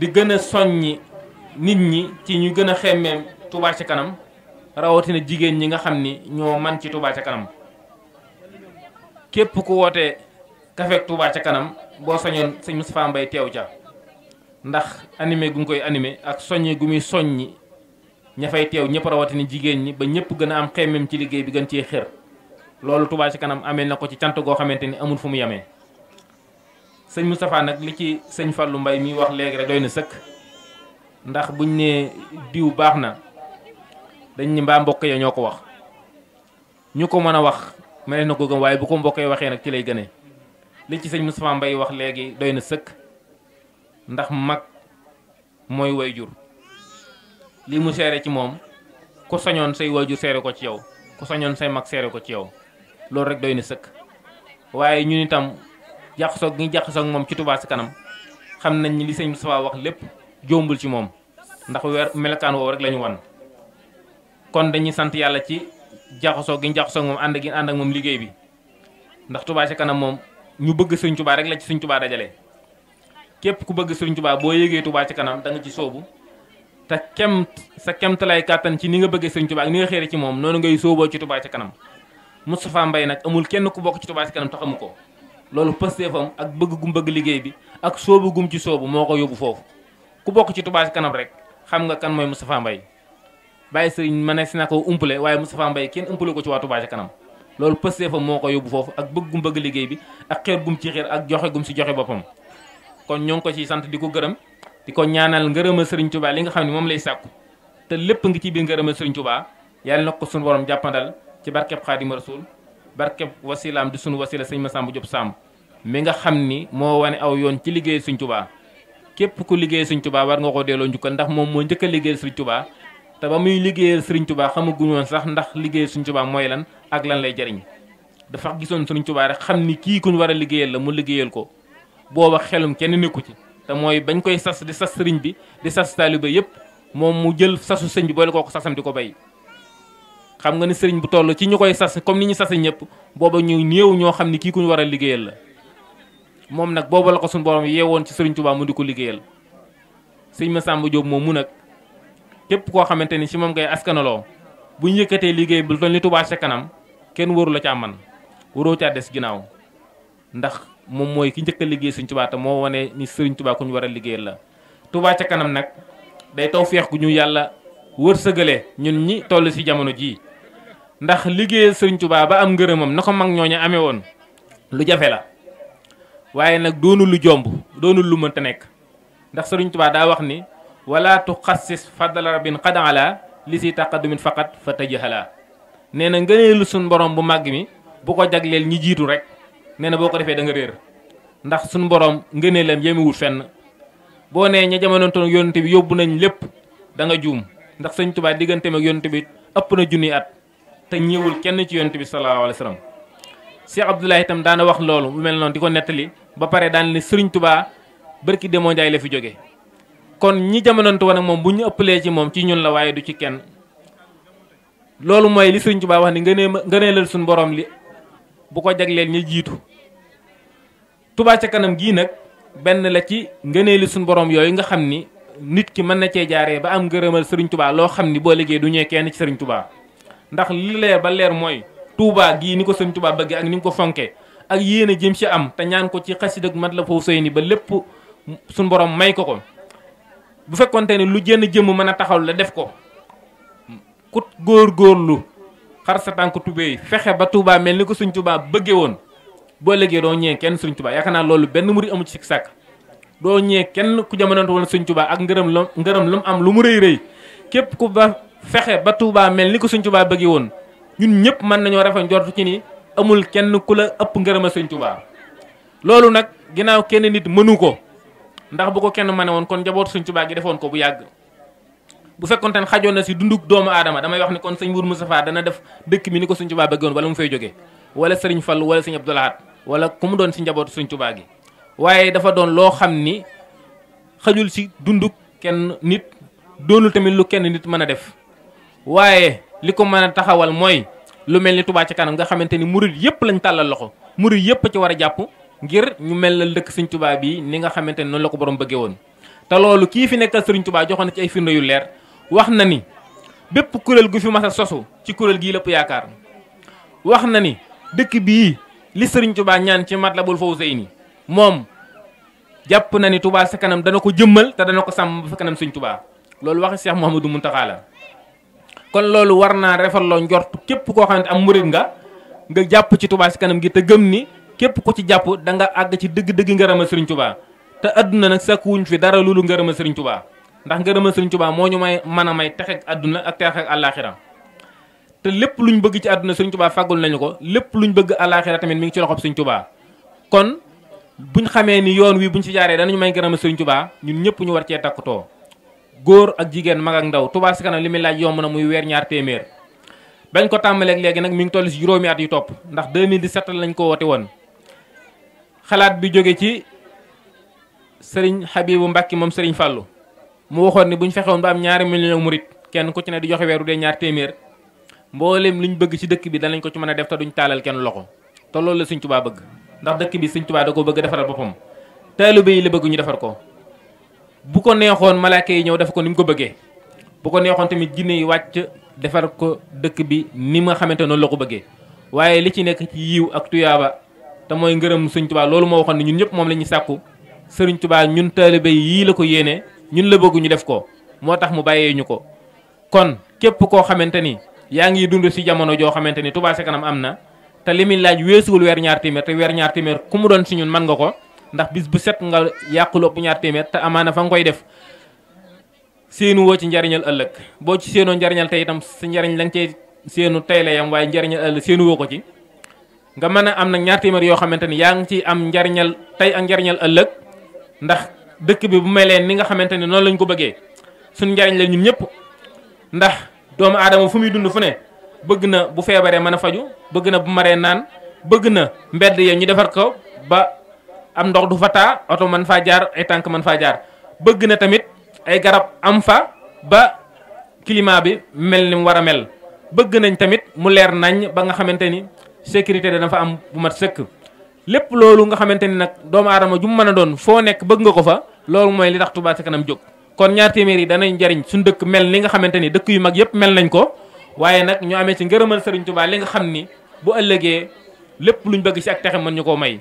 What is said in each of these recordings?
di gën a soññi nit ñi ci ñu gën a xemmeem Touba ca kanam rawatina jigéen ñi nga xam ni ñoo man ci Touba ci kanam képp ku woote kafeek Touba ci kanam boo soñoon sëñ Moustapha Mbaye teew ja ndax animé gu mu koy animé ak soññi gu muy soññi ña fay teew ñëpp rawatine jigéen ñi ba ñëpp gën a am xemmeem ci liggéey bi gën cee xër loolu Touba ci kanam amee na ko ci cant goo xamante ni amul fu mu yemee sëñ Moustapha nag li ci sëñ Fallou mbay mi wax léegi rek doy na sëkk ndax buñ ne diw baax na dañ ni mbaa mbokk ya ñoo ko wax ñu ko mën a wax mënees na ko gëm waaye bu ko mbokk waxee nag ci lay gënee li ci sëñ Moustapha Mbaye wax léegi doy na sëkk ndax mag mooy jur lii mu seere ci moom ku sañoon say wayjur seere ko ci yow ku sañoon say mag seere ko ci yow loolu rek doy na sëkk waaye ñun itam jaxasoog gi ñu jaxasoog moom ci tubaa si kanam xam nañ ni li sëñ Moustapha wax lépp jombul ci moom ndax weer melekaan woowu rek lañu ñu wan kon dañuy sant yàlla ci jaxasoog gi ñu jaxasoog moom ànd gi ànd ak moom liggéey bi ndax Touba si kanam moom ñu bëgg sëñ Touba rek la ci sëñ Touba dajale képp ku bëgg sëñ tubaa boo yëgee Touba ci kanam da nga ci soobu te kem sa kemtalaay kàttan ci ni nga bëggee sëñ Touba ak ni nga xéere ci moom noonu ngay sooboo ci Touba ci kanam Moustapha Mbaye nag amul kenn ku bokk ci Touba ci kanam taxamu ko loolu pësteefam ak bëgg gum bëgg liggéey bi ak soobu gum ci soobu moo ko yóbbu foofu ku bokk ci tubaa Ca Kanam rek xam nga kan mooy Moustapha Mbaye bàyyi sëriñ ma ne si na ko umpale waaye Moustapha mbay kenn umpale ko ci waa Touba Ca Kanam loolu pësteefam moo ko yóbbu foofu ak bëgg gum bëgg liggéey bi ak xeer gum ci xeer ak joxe gum si joxe boppam kon ñoo ngi ko ciy sant di ko gërëm di ko ñaanal ngërëma sëriñ tubaa li nga xam ne moom lay sàkku te lépp ngi ci biir sëriñ Touba yàlla ko suñu borom jàppandal ci barkeb Xaadimu Rasuul barke wasilaam di sunu wasila sëñ bu Diop Samb mi nga xam ni moo wane aw yoon ci liggéey sëñ Tuubaa képp ku liggéey sëñ tubaa war nga ko delloo njukkal ndax moom moo njëkk a liggéey tubaa Tuubaa te ba muy liggéeyal sëriñ Tuubaa xamaguñu woon sax ndax liggéey sëñ Tuubaa mooy lan ak lan lay jariñ dafa gisoon sëriñ Tuubaa xam ni kii kuñ war a liggéeyal la mu liggéeyal ko booba xelum kenn nekku ci te mooy bañ koy sas di sas sëriñ bi di sas taaliba yëpp moom mu jël sasu sëñ bi boole kooku sasam di ko bay xam nga ne sëriñ bu toll ci ñu koy sas comme ni ñu sase ñëpp booba ñu néew ñoo xam ne kii ku ñu war a liggéeyal la moom nag booba la ko suñu borom yeewoon ci sëriñ Tuubaa mu di ko liggéeyal sëñ ma Masamba Diop moom mu nag képp koo xamante ni ci moom ngay askanaloo bu ñu yëkkatee liggéey bu toll ni Tuubaa ca kanam kenn waru la caa man waroo caa des ginnaaw ndax moom mooy ki njëkk liggéey sëriñ tubaatam moo wane ni sëriñ Tuubaa ku war a liggéeyal la Tuubaa ca kanam nag day taw feex gu ñu yàlla wërsëgale ñun ñi toll ci jamono jii ndax liggéeyal sëñ tubaa ba am ngërëmam na ko mag ñooñu amee woon lu jafe la waaye nag doonul lu jomb doonul lu mënta nekk ndax sëriñ tubaa daa wax ni wala tuxassis fadala rabin qad li si taqadumin faqat fa tajahala nee na ngëneelu suñ borom bu màgg mi bu ko jagleel ñi jiitu rek nee na boo ko defee da nga réer ndax suñ borom ngëneelam yemewul fenn boo nee ña jamonoontoon yonent bi yóbbu nañ lépp danga nga juum ndax sëñ Tuubaa digganteem ak yonent bi ëpp na te ñëwul kenn ci yonent bi sallallahu alayhi wa sallam itam daana wax loolu bu mel noonu di ko nettali ba pare daan ne Serigne Touba barki demoo Njaay la fi jóge kon ñi jamonontu wa ak moom bu ñu ëppalee ci moom ci ñun la waaye du ci kenn loolu mooy li Serigne Touba wax ni ngënee ngëneelal suñu borom li bu ko jagleel ñi jiitu tubaa ca kanam gii nag benn la ci ngëneeli suñu borom yooyu nga xam ni nit ki mën na cee jaaree ba am ngërëmal Serigne Touba loo xam ni boo liggéey du ñëwee kenn ci Serigne ndax li leer ba leer mooy tuubaa gii ni ko sëñ Touba bëggee ak ni nga ko fonkee ak yéen a jëm ci am te ñaan ko ci xasid ak mat la foofu sëy ni ba lépp suñ boroom may ko ko bu fekkonte ne lu jënn jëmm mën a taxaw la def ko kut góor góorlu xar sa tànk tubéy fexe ba Touba mel ni ko sëñ Touba bëggee woon boo léegi doo ñëwee kenn sëñ Touba yaakaar naa loolu benn murid amu ci sàkk doo ñëwee kenn ku jamonoonte woon sëñ Touba ak ngërëm lu ngërëm lu mu am lu mu rëy rëy képp ku ba fexe ba Touba mel ni ko suñ tubaa bëggee woon ñun ñëpp mën nañoo rafet njortu ci ni amul kenn ku la ëpp ngërëm a Sëñ loolu nag ginnaaw kenn nit mënu ko ndax bu ko kenn ne woon kon njabootu suñ tubaa gi defoon ko bu yàgg bu fekkoon ne xajoon na si dunduk doomu aadama damay wax ni kon sëñ Mourou Moustapha dana def dëkk mi ni ko Sëñ Touba bëggee woon wala mu fay jógee wala Serigne Fall wala Sëñ Abdou Lahad wala ku mu doon si njabootu suñ tubaa gi waaye dafa doon loo xam ni xajul si dunduk kenn nit doonul tamit lu kenn nit mën a def. waaye li ko mën a taxawal mooy lu mel ni tubaa ci kanam nga xamante ni murid yëpp lañ tàllal loxo murid yëpp ci war a jàpp ngir ñu mel la dëkk Sëriñ tubaa bi ni nga xamante ni noonu la ko borom bëggee woon. te loolu kii fi nekkal Sëriñ Touba joxoon ci ay firnde yu leer wax na ni bépp kuréel gu fi mas a sosu ci kuréel gii lépp yaakaar wax na ni dëkk bii li Sëriñ tubaa ñaan ci Matlabul Fawzayni moom jàpp na ni tubaa ca kanam dana ko jëmmal te dana ko sàmm ba fa kanam Sëriñ Touba loolu waxi Cheikh Mouhamadou Mountakha la kon loolu war naa rafetloo njort képp koo xam xamante am murit nga nga jàpp ci tubaa ci kanam gi te gëm ni képp ku ci jàpp da nga àgg ci dëgg-dëgg ngërëma Serigne Touba te adduna nag sakkuwuñ fi dara loolu ngërëma Serigne Touba ndax ngërëma Serigne Touba moo ñu may man a may texeeg adduna ak texeeg àllaaxira te lépp luñ bëgg ci àdduna Serigne Touba fàggul nañu ko lépp luñ bëgg àllaaxira tamit mi ngi ci loxob Serigne Touba kon bu ñu xamee ni yoon wi buñ ci jaaree danañu may ngërëma Serigne Touba ñun ñëpp ñu war cee takkutoo góor ak jigéen mag ak ndaw Touba Ca Kanam li muy laaj yomb na muy weer ñaar téeméer bañ ko tàmbaleek léegi nag mi ngi toll si juróomi at yu topp ndax 2017 lañ ko woote woon xalaat bi jóge ci sëriñ Habibu Mbàkke moom sëriñ Fàllu mu waxoon ni bu ñu fexewoon ba am ñaari million murit kenn ku ci ne di joxe weeru dee ñaar téeméer mboolem liñ bëgg ci dëkk bi danañ ko ci mën a def te duñ taalal kenn loxo te loolu la Sëriñ bëgg ndax dëkk bi Sëriñ Tuubaa ko bëgg defaral boppam taalibe yi la bëgg ñu defar ko bu ko neexoon malaaka yi ñëw def ko ni mu ko bëggee bu ko neexoon tamit jinne yi wàcc defar ko dëkk bi ni ma xamante noonu la ko bëggee waaye li ci nekk ci yiw ak tuyaaba te mooy ngërëm Sëriñ Tuubaa loolu moo waxoon ne ñun ñëpp moom la ñuy sàkku Sëriñ Tuubaa ñun taalibe yii la ko yéene ñun la bëgg ñu def ko moo tax mu bàyyee ñu ko kon képp koo xamante ni yaa ngi dund si jamono joo xamante ni Touba ca kanam am na te li muy laaj weesuwul weer ñaar téeméer te weer ñaar téeméer ku mu doon si ñun man nga ko ndax bis bu set nga yàquloo bu ñaar téeméer te amaana fa nga koy def séenu woo ci njariñal ëllëg boo ci séenoo njariñal tey itam sa njariñ lañ cey séenu tey la yam waaye njariñal ëllëg séenu woo ko ci nga mën a am nag ñaar téeméer yoo xamante ni yaa ngi ci am njariñal tey ak njariñal ëllëg ndax dëkk bi bu leen ni nga xamante ni noonu lañ ko bëggee suñ njariñ la ñun ñëpp ndax doomu aadama fu muy dund fu ne bëgg na bu feebaree mën a faju bëgg na bu maree naan bëgg na mbedd ya ñu defar ko ba am ndox du fa taa oto mën faa jaar ay tànk mën faa jaar bëgg na tamit ay garab am fa ba climat bi mel ni mu war a mel bëgg nañ tamit mu leer nañ ba nga xamante ni sécurité dana fa am bu mat sëkk lépp loolu nga xamante ni nag doomu aadama ju mu mën a doon foo nekk bëgg nga ko fa loolu mooy li tax Touba ca kanam jóg kon ñaar téeméer yi danañ njariñ suñ dëkk mel ni nga xamante ni dëkk yu mag yëpp mel nañ ko waaye nag ñu amee ci ngërëmal Serigne Touba li nga xam ni bu ëllëgee lépp luñ bëgg ci texe mën ñu koo may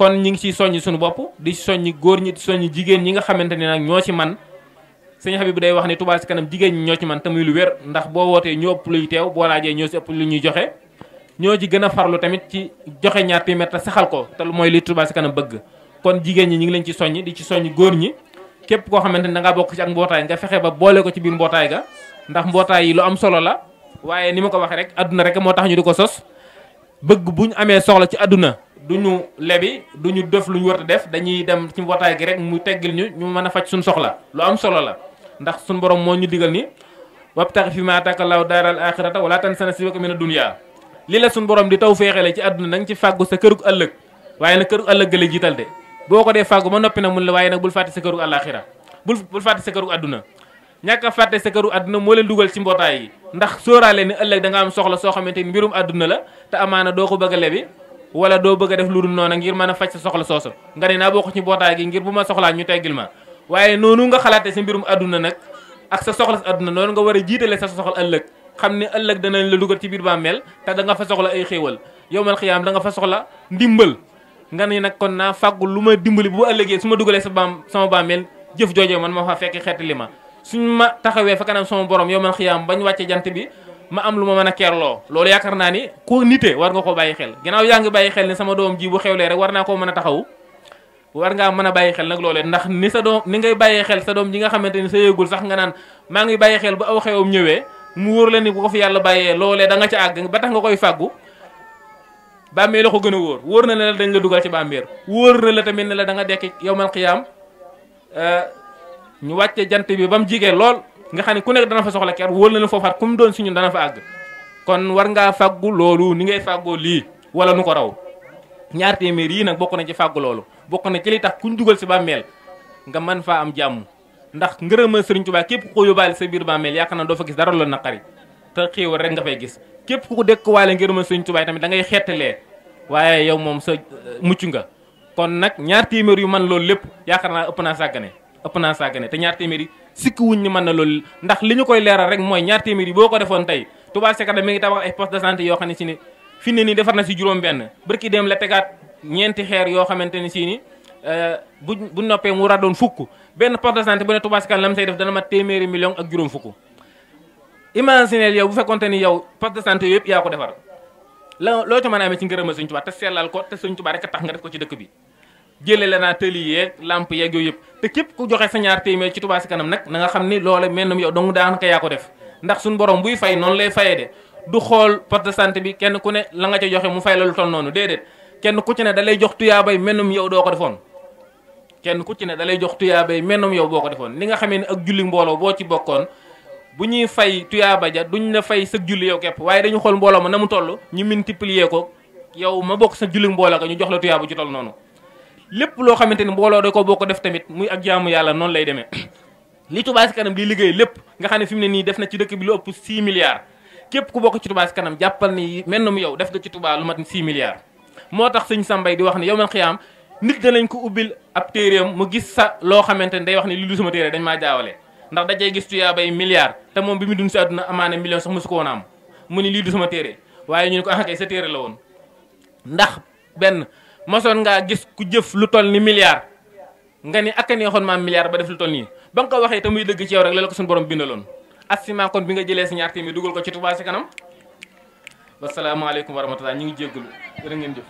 kon ñi ngi ciy soññ suñu bopp di soññ góor ñi di soññ jigéen ñi nga xamante ne nag ñoo ci man sëñ bi day wax ne Touba ci kanam jigéen ñi ñoo ci man te muy lu wér ndax boo wootee ñoo ëpp luy teew boo laajee ñoo ci ëpp lu ñuy joxe ñoo ci gën a farlu tamit ci joxe ñaar téeméer te saxal ko te lu mooy li Touba kanam bëgg kon jigéen ñi ñu ngi leen ci soññ di ci soññ góor ñi képp koo xamante ne da bokk ci ak mbootaay nga fexe ba boole ko ci biir mbootaay ga ndax mbootaay yi lu am solo la waaye ni ma ko waxee rek adduna rek moo tax ñu di ko sos bëgg buñu amee soxla ci adduna du ñu lebi du ñu def lu ñu war a def dañuy dem ci mbootaay gi rek mu teggil ñu ñu mën a faj suñu soxla lu am solo la ndax sunu borom moo ñu digal ni wabtaxi fi ma ataaka laahu daaral axirata wala tansa nasiibaka mina dunya li la suñu borom di taw féexale ci àdduna nanga ci fàggu sa kërug ëllëg waaye nag kërug ëllëg gële jiital de boo ko dee fàggu ba noppi nag mun la waaye nag bul fàtte sa kërug àllaaxira bul bul fàtte sa kërug àdduna ñàkk a fàtte sa këru àdduna moo leen dugal ci mbootaay yi ndax sóoraale ni ëllëg da nga am soxla soo xamante ni mbirum àdduna la te amaana doo ko bëgg a lebi wala doo bëgg def lu dul noona ngir mën a faj sa soxla soosu nga ne naa bokk ci mbootaay gi ngir bu ma soxlaa ñu teggil ma waaye noonu nga xalaate si mbirum adduna nag ak sa soxla àdduna adduna noonu nga war a jiitale sa soxla ëllëg xam ne ëllëg danañ la dugal ci biir bàmmeel te danga fa soxla ay xéewal yowmal xiyaam da nga fa soxla ndimbal nga ne nag kon naa fàggu lu ma dimbali bu ëllëgee su ma dugalee sa baam sama bàmmeel jëf joojee man ma fa fekk xeet li ma suñ ma taxawee fa kanam sama borom yowmal xiyaam bañ wàcce jant bi ma am lu ma mën a keerloo loolu yaakaar naa ni ku nite war nga ko bàyyi xel ginnaaw yaa ngi bàyyi xel ni sama doom ji bu xewlee rek war naa koo mën a taxawu war ngaa mën a bàyyi xel nag loolee ndax ni sa doom ni ngay bàyyee xel sa doom ji nga xamante ni sa yëgul sax nga naan maa ngi bàyyi xel bu aw xewam ñëwee mu wóor la ni bu ko fi yàlla bàyyee loolee danga ca àgg ba tax nga koy fàggu bàmmeel la ko gën a wóor wóor na la dañ la dugal ci bàmmeel wóor na la tamit ne la da nga dekk yowmal xiyaam euh, ñu wàcce jant bi ba mu jigee lool nga xam ne ku nekk dana fa soxla ker wóor na la foofaat ku mu doon si ñun dana fa àgg kon war ngaa fàggu loolu ni ngay fàggoo lii wala nu ko raw ñaar téeméer yii nag bokk na ci fàggu loolu bokk na ci li tax kuñ dugal si bàmmeel nga man faa am jàmm ndax ngërëmal Sëriñ Tuubaa képp ko yóbbaale sa biir bàmmeel yaakaar naa doo fa gis dara loolu naqari te xéewal rek nga fay gis képp ku ko waale ngërëma Sëriñ Tuubaa tamit da ngay xettalee waaye yow moom sa euh, mucc nga kon nag ñaar téeméer yu man loolu lépp yaakaar naa ëpp naa sàggane ëpp naa sàggane te ñaar téeméer sikkiwuñ ni mën na loolu ndax li ñu koy leeral rek mooy ñaar téeméer boo ko defoon tey Touba Ca Kanam mi ngi tabax ay poste de santé yoo ne ni fi na si juróom benn bërki dem la tegaat xeer yoo xamante ne si ni bu euh, bu noppee mu radoon fukk benn poste de santé bu ne Touba Ca Kanam la mu say def dana mat téeméeri million ak juróom fukk imaginez yow bu fekkonte ni yow poste de santé yooyu yëpp yaa ko defar la loo ci mën a amee ci ngërëma Sëñ Tuubaa te sellal ko te Sëñ Tuubaa rek tax nga def ko ci dëkk bi jëlee la naa tëli yeeg lamp yeeg yooyu yëpp te képp ku joxe sa ñaar téeméer ci Touba si kanam nag na nga xam ni loola mel ni yow dong daanaka yaa ko def ndax suñu borom buy fay noonu lay fayee de du xool poste bi kenn ku ne la nga ca joxe mu fay la lu noonu déedéet kenn ku ci ne da lay jox tuyaabay mel ni yow doo ko defoon. kenn ku da lay jox tuyaabay mel ni yow boo ko defoon li nga xamee ne ak julli mbooloo boo ci bokkoon bu ñuy fay tuyaaba ja duñ la fay sa julli yow képp waaye dañu xool mbooloo ma na mu toll ñu multiplier ko yow ma bokk sa julli mbooloo ko ñu jox la tuyaaba ci toll noonu lépp loo xamante ni mbooloo da ko boo ko def tamit muy ak jaamu yàlla noonu lay demee li Touba Ca Kanam di liggéey lépp nga xam ne fi mu ne nii def na ci dëkk bi lu ëpp 6 milliards képp ku bokk ci Touba Ca Kanam jàppal ni men na mu yow def nga ci tubaa lu mat 6 milliards moo tax sëñ Sambay di wax ne yow man xiyaam nit danañ ko ubbil ab téeréem mu gis sa loo xamante ni day wax ne li du sama téeré dañ maa jaawale ndax dajay gis tuyaa bay milliards te moom bi mu dund si àdduna amaana million sax mosu ko woon am mu ni lii waaye ñu ne ah sa téere la woon ndax mosoon ngaa gis ku jëf lu toll ni milliard nga ni ak a neexoon maam milliard ba def lu toll nii ba nga ko waxee te muy dëgg ci yow rek la la ko suñu borom bindaloon assiment kon bi nga jëlee si ñaar téeméer dugal ko ci Touba ca kanam wasalaamaaleykum wa rahmatulah ñu ngi jégalu jërë ngeen jëf.